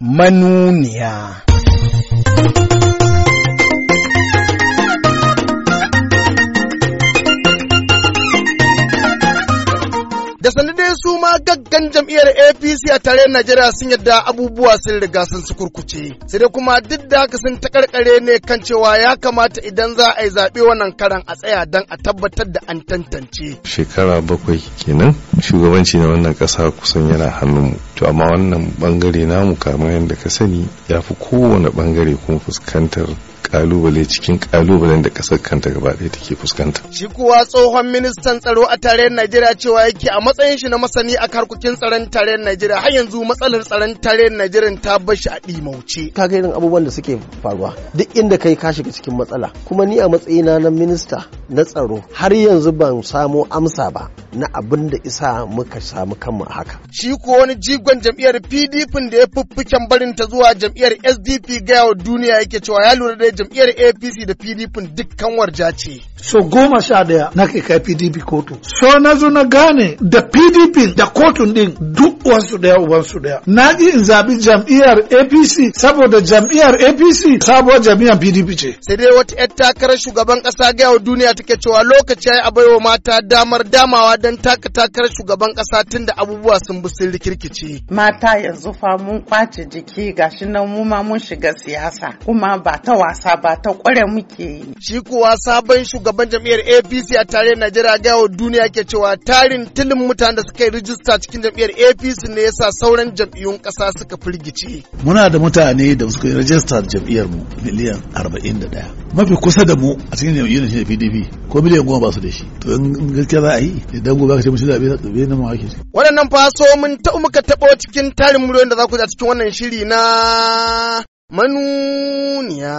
manuniya. da sanadai su ma gaggan jam'iyyar apc a tare najeriya sun yadda abubuwa sun riga sun su kurkuce sai dai kuma duk da haka sun takarkare ne kan cewa ya kamata idan za a yi zaɓe wannan karan a tsaya don a tabbatar da an tantance shekara bakwai kenan shugabanci na wannan ƙasa kusan yana hannunmu to amma wannan bangare namu kamar yadda ka sani ya fi kowane bangare kuma fuskantar kalubale cikin kalubalen da kasar kanta gaba ɗaya take fuskanta. Shi kuwa tsohon ministan tsaro a tarayyar Najeriya cewa yake a matsayin shi na masani a karkukin tsaron tarayyar Najeriya har yanzu matsalar tsaron tarayyar Najeriya ta bashi a ɗimauce. Ka ga irin abubuwan da suke faruwa duk inda kai ka shiga cikin matsala kuma ni a matsayina na minista na tsaro har yanzu ban samo amsa ba na abin da isa muka samu kanmu a haka. Shi kuwa wani jigo ikon jam'iyyar PDP da ya fuffuken barin ta zuwa jam'iyyar SDP gaya wa duniya yake cewa ya lura da jam'iyyar APC da PDP dukkan warja ce. So goma sha daya na kai kai PDP kotu. So na zo na gane da PDP da kotun din duk uwansu daya ubansu daya. Na ji in zabi jam'iyyar APC saboda jam'iyyar APC sabuwar jam'iyyar PDP ce. Sai dai wata 'yar takarar shugaban ƙasa gaya wa duniya take cewa lokaci ya yi a baiwa mata damar damawa don taka takarar shugaban ƙasa tun da abubuwa sun bi sun rikirkice. mata yanzu fa mun kwace jiki gashi nan mu ma mun shiga siyasa kuma ba ta wasa ba ta kware muke shi kuwa sabon shugaban jam'iyyar APC a tare Najeriya ga wa duniya ke cewa tarin tilin mutanen da suka yi rijista cikin jam'iyyar APC ne yasa sauran jam'iyyun ƙasa suka firgice muna da mutane da suka yi rijista jam'iyyar mu miliyan 41 mafi kusa da mu a cikin jam'iyyar shi ne PDP ko miliyan goma ba su da shi to in gaskiya za a yi idan gobe ka ce mu shi zabe zabe na mawaki waɗannan fa so mun ta muka taɓa shigo cikin tarin muryoyin da za ku ji a cikin wannan shiri na manuniya.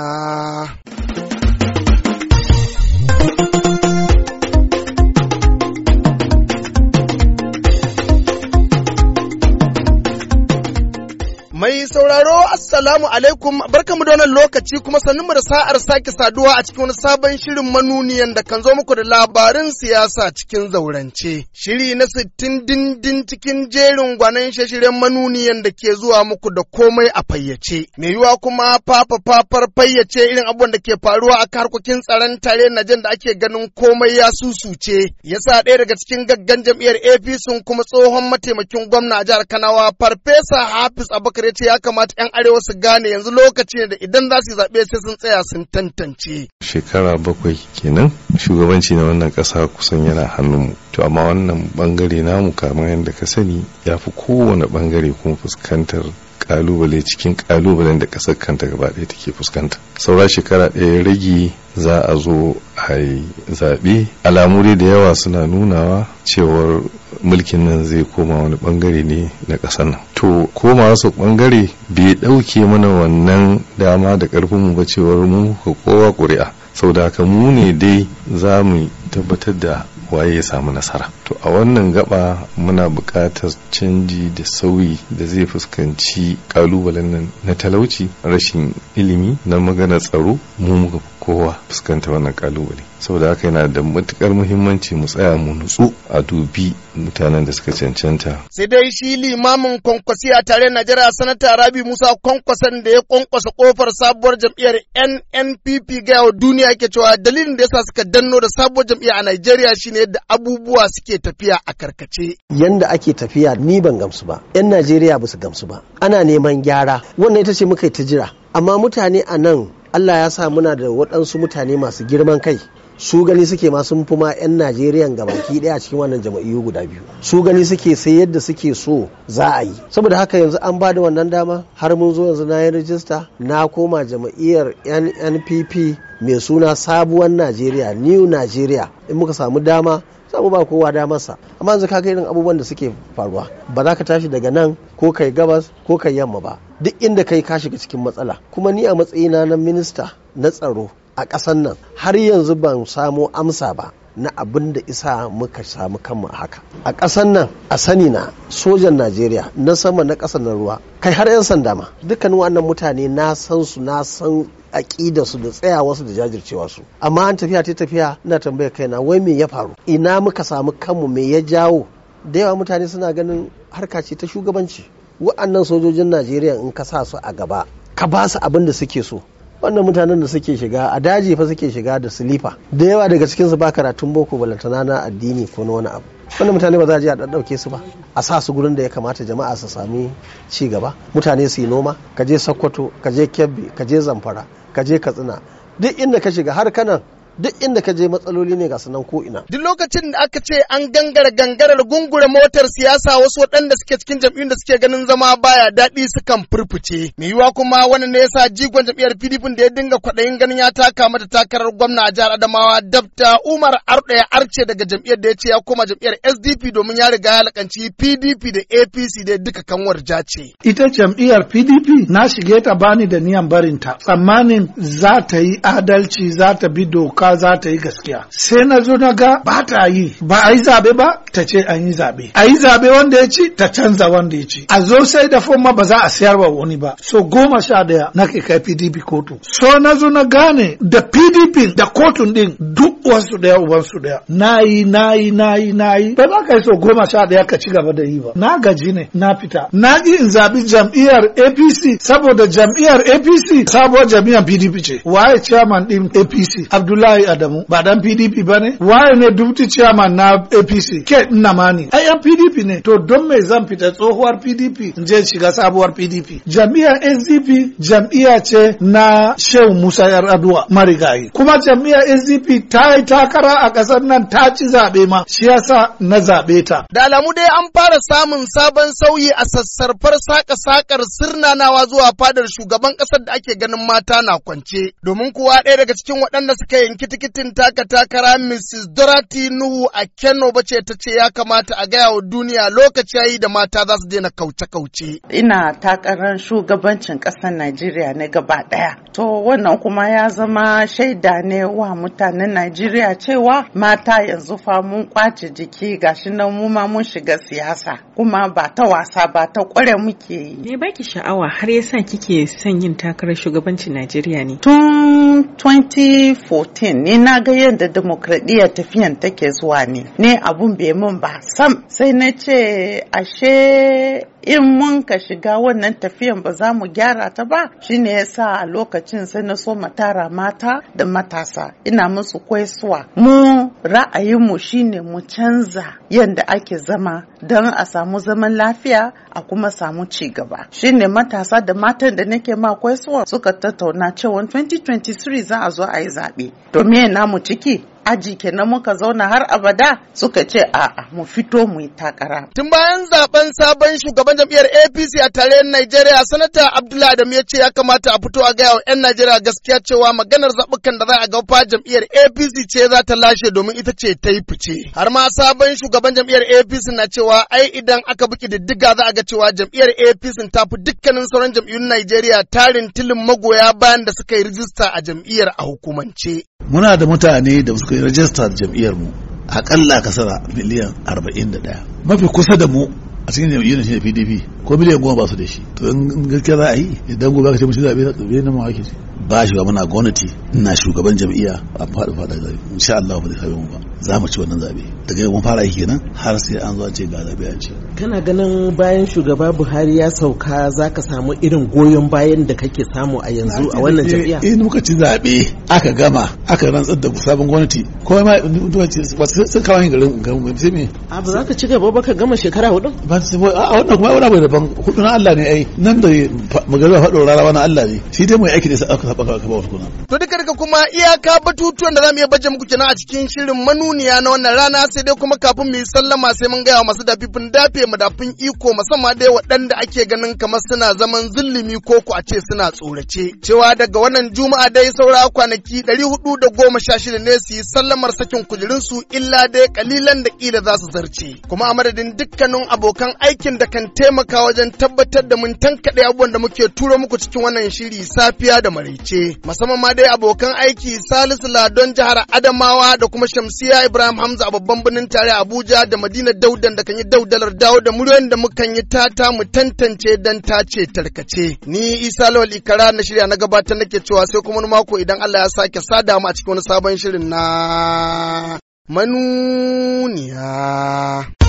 Mai sauraro Assalamu alaikum barkamu da wannan lokaci kuma mu da sa'ar sake saduwa a cikin wani sabon shirin manuniyan da kan zo muku da labarin siyasa cikin zaurance. Shiri na sittin dindin cikin jerin gwanan shashiren manuniyan da ke zuwa muku da komai a fayyace. Mai yiwa kuma fafa fafar fayyace irin abubuwan da ke faruwa a harkokin tsaron tare na jan da ake ganin komai ya susuce. Yasa ɗaya daga cikin gaggan jam'iyyar APC kuma tsohon mataimakin gwamna a jihar Kanawa Farfesa Hafiz Abubakar ce ya kamata 'yan arewa su gane yanzu lokaci ne da idan za su zaɓe sai sun tsaya sun tantance. Shekara bakwai kenan shugabanci na wannan ƙasa kusan yana hannunmu. To amma wannan ɓangare namu kamar yadda ka sani ya fi kowane bangare kuma fuskantar kalubale cikin kalubalen da ƙasar kanta gaba ɗaya take fuskanta saura shekara ɗaya rage za a zo a yi zaɓe alamuri da yawa suna nunawa cewar mulkin nan zai koma wani bangare ne na ƙasar nan to koma su bangare bai ɗauke mana wannan dama da ƙarfin mu ba cewar mu ka kowa ƙuri'a sau da haka mu ne dai za mu tabbatar da waye ya samu nasara to a wannan gaba muna buƙatar canji da sauyi da zai fuskanci ƙalubalen na talauci rashin ilimi na magana tsaro mu muka kowa fuskanta wannan kalubale saboda haka yana da matukar muhimmanci mu tsaya mu nutsu a dubi mutanen da suka cancanta sai dai shi limamin kwankwasi a tare najeriya sanata rabi musa kwankwasan da ya kwankwasa kofar sabuwar jam'iyyar nnpp ga yawa duniya ke cewa dalilin da yasa suka danno da sabuwar jam'iyya a najeriya shine yadda abubuwa suke tafiya a karkace yanda ake tafiya ni ban gamsu ba yan najeriya ba su gamsu ba ana neman gyara wannan ita ce muka yi ta jira amma mutane a nan allah ya sa muna da waɗansu mutane masu girman kai su gani suke ma sun fi ma 'yan najeriya gabaki daya cikin wannan jama'iyyu guda biyu su gani suke sai yadda suke so za a yi saboda haka yanzu an ba da wannan dama har mun zo yanzu na yi rajista na koma jama'iyyar nnpp mai suna sabuwar najeriya new najeriya in muka samu dama samu ba kowa damarsa amma yanzu kaga irin abubuwan da suke faruwa ba za ka tashi daga nan ko kai gabas ko kai yamma ba duk inda kai ka shiga cikin matsala kuma ni a matsayina na minista na tsaro a ƙasar nan har yanzu ban samo amsa ba na abin da isa muka samu kanmu a haka a ƙasar nan a sani na sojan najeriya na sama na ƙasan na ruwa kai har 'yan sanda ma dukkan wannan mutane na san su na san aƙida su da tsayawa su da jajircewa su amma an tafiya ta tafiya na tambaya kaina wai me ya faru ina muka samu kanmu me ya jawo da yawa mutane suna ganin harka ta shugabanci wa'annan sojojin najeriya in ka sa su a gaba ka ba su abin da suke so wannan mutanen da suke shiga a daji fa suke shiga da silifa da yawa daga cikinsu ba karatun boko balantana na addini ko na wani abu wannan mutane ba za a je a ɗaɗɗauke su ba a sa su gurin da ya kamata jama'a su sami ci gaba mutane su yi noma ka je sokoto ka je kebbi ka je zamfara ka je katsina duk inda ka shiga har kanan duk inda ka je matsaloli ne ga sanan ko ina duk lokacin da aka ce an gangara gangarar gungure motar siyasa wasu waɗanda suke cikin jam'iyyun da suke ganin zama baya daɗi sukan furfuce me yiwa kuma wani ne yasa jigon jam'iyyar PDP da ya dinga kwaɗayin ganin ya taka mata takarar gwamna a jihar Adamawa dabta Umar Ardo ya arce daga jam'iyyar da ya ce ya koma jam'iyyar SDP domin ya riga ya lakanci PDP da APC da duka kanwar jace ita jam'iyyar PDP na shige ta bani da niyan barinta tsammanin za ta yi adalci za ta bi doka za ta yi gaskiya sai na zo na ga ba ta yi ba a yi zabe ba ta ce an yi zabe a yi zabe wanda ya ci ta canza wanda ya ci a zo sai da fomma ma ba za a sayar wa wani ba so goma sha daya na ke kai pdp kotu so na zo na gane da pdp da kotun din duk wasu daya ubansu ɗaya daya na yi na yi na yi na yi ba za ka yi so goma sha daya ka ci gaba da yi ba na gaji ne na fita na ki in zabi jam'iyyar apc saboda jam'iyyar apc sabuwar jam'iyyar pdp ce waye chairman din apc abdullahi Abdullahi Adamu ba dan PDP ba ne? Waye ne deputy chairman na APC? Ke ma ne. Ai yan PDP ne. To don me zan fita tsohuwar PDP in je shiga sabuwar PDP? Jam'iyyar SDP jam'iyya ce na Shehu Musa Yar'adua marigayi. Kuma jam'iyyar SDP ta yi takara a ƙasar nan ta ci zaɓe ma shi yasa na zaɓe ta. Da alamu dai an fara samun sabon sauyi a sassarfar saka-sakar sirnanawa zuwa fadar shugaban ƙasar da ake ganin mata na kwance. Domin kuwa ɗaya daga cikin waɗanda suka yin ɗauki taka takara Mrs. Dorothy Nuhu a Kano ba ce ta ce ya kamata a gaya wa duniya lokaci yayi da mata za su daina kauce-kauce. Ina takarar shugabancin ƙasar Najeriya na gaba ɗaya. To wannan kuma ya zama shaida ne wa mutanen Najeriya cewa mata yanzu fa mun kwace jiki gashi nan mu ma mun shiga siyasa kuma ba ta wasa ba ta ƙware muke yi. Me baki sha'awa har yasa kike son yin takarar shugabancin Najeriya ne? Tun 2014 ne ni na ga yadda demokradiyya tafiyan take zuwa ne ne abun bai mun ba sam sai na ce ashe in mun ka shiga wannan tafiyan ba za mu gyara ta ba shine yasa sa lokacin sai na so matara mata da matasa ina musu kwaisuwa mu ra'ayinmu shine mu canza yadda ake zama don a samu zaman lafiya a kuma samu ci gaba shine matasa da matan da nake ma suka tattauna cewa 2023 za a zo a yi zaɓe domin me namu ciki aji kenan muka zauna har abada suka ce a'a mu fito mu yi takara. Tun bayan zaben sabon shugaban jam'iyyar APC a tarayyar Najeriya sanata Abdullahi Adamu ya ce ya kamata a fito a gaya wa 'yan Najeriya gaskiya cewa maganar zaɓukan da za a fa jam'iyyar APC ce za ta lashe domin ita ce ta yi fice. Har ma sabon shugaban jam'iyyar APC na cewa ai idan aka buki diddiga za a ga cewa jam'iyyar APC ta fi dukkanin sauran jam'iyyun Najeriya tarin tilin magoya bayan da suka yi rijista a jam'iyyar a hukumance. Muna da mutane da Ka yi rajista jam'iyyar mu akalla ka sana miliyan 41 mafi kusa da mu a cikin jam'iyyar shi ne pdp ko miliyan goma ba su da shi to in gaskiya za a yi idan gobe ka ce mutum zaɓe na mawaki ba shi ba muna gwamnati ina shugaban jam'iyya a faɗi faɗa zabe insha Allah ba zai same mu ba za mu ci wannan zabe daga yau mun fara yi kenan har sai an zo ce ga zabe an ce kana ganin bayan shugaba Buhari ya sauka zaka samu irin goyon bayan da kake samu a yanzu a wannan jam'iyya in muka ci zabe aka gama aka rantsar da sabon gwamnati ko ma sun kawo yin garin garin sai me a ba za ka ci gaba ba ka gama shekara hudu ba sai a wannan kuma wani abu daban hudu na Allah ne ai nan da magana faɗo rara na Allah ne shi dai mai aiki ne sai aka haɓaka ka ba tukuna. To duka duka kuma iyaka batutuwan da za mu iya baje muku kenan a cikin shirin manuniya na wannan rana sai dai kuma kafin mu yi sallama sai mun gaya masu dafifin dafe dafin iko musamman dai waɗanda ake ganin kamar suna zaman zulumi ko ku a ce suna tsorace. Cewa daga wannan juma'a dai saura kwanaki ɗari hudu da goma sha shida ne su yi sallamar sakin su illa dai kalilan da ƙila za su zarce. Kuma a madadin dukkanin abokan aikin da kan taimaka wajen tabbatar da mun tankaɗe abubuwan da muke turo muku cikin wannan shiri safiya da maraice. ce musamman ma dai abokan aiki Salisu Ladon jihar Adamawa da kuma Shamsiya Ibrahim Hamza a babban birnin tare Abuja da Madina Daudan da kan yi daudalar dawo da muryoyin da mukan yi tata mu tantance dan tace tarkace. Ni Isa Lawal Ikara na shirya na gabatar nake cewa sai kuma mako idan Allah ya sake sada mu a cikin wani sabon shirin na manuniya.